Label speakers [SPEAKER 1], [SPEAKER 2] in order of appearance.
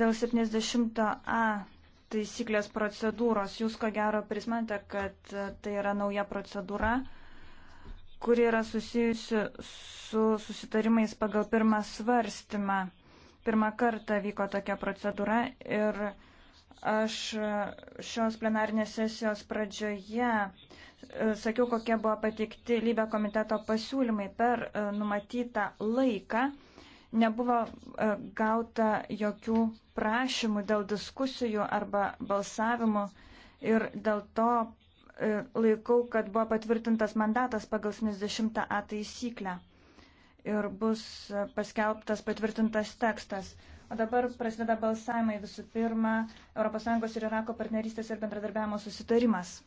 [SPEAKER 1] Dėl 70A taisyklės procedūros, jūs ko gero prismante, kad tai yra nauja procedūra, kuri yra susijusi su susitarimais pagal pirmą svarstymą. Pirmą kartą vyko tokia procedūra ir aš šios plenarinės sesijos pradžioje e, sakiau, kokie buvo pateikti lybė komiteto pasiūlymai per e, numatytą laiką. Nebuvo e, gauta jokių prašymų dėl diskusijų arba balsavimų ir dėl to e, laikau, kad buvo patvirtintas mandatas pagal 70A taisyklę ir bus e, paskelbtas patvirtintas tekstas. O dabar prasideda balsavimai visų pirma ES ir Irako partnerystės ir bendradarbiavimo susitarimas.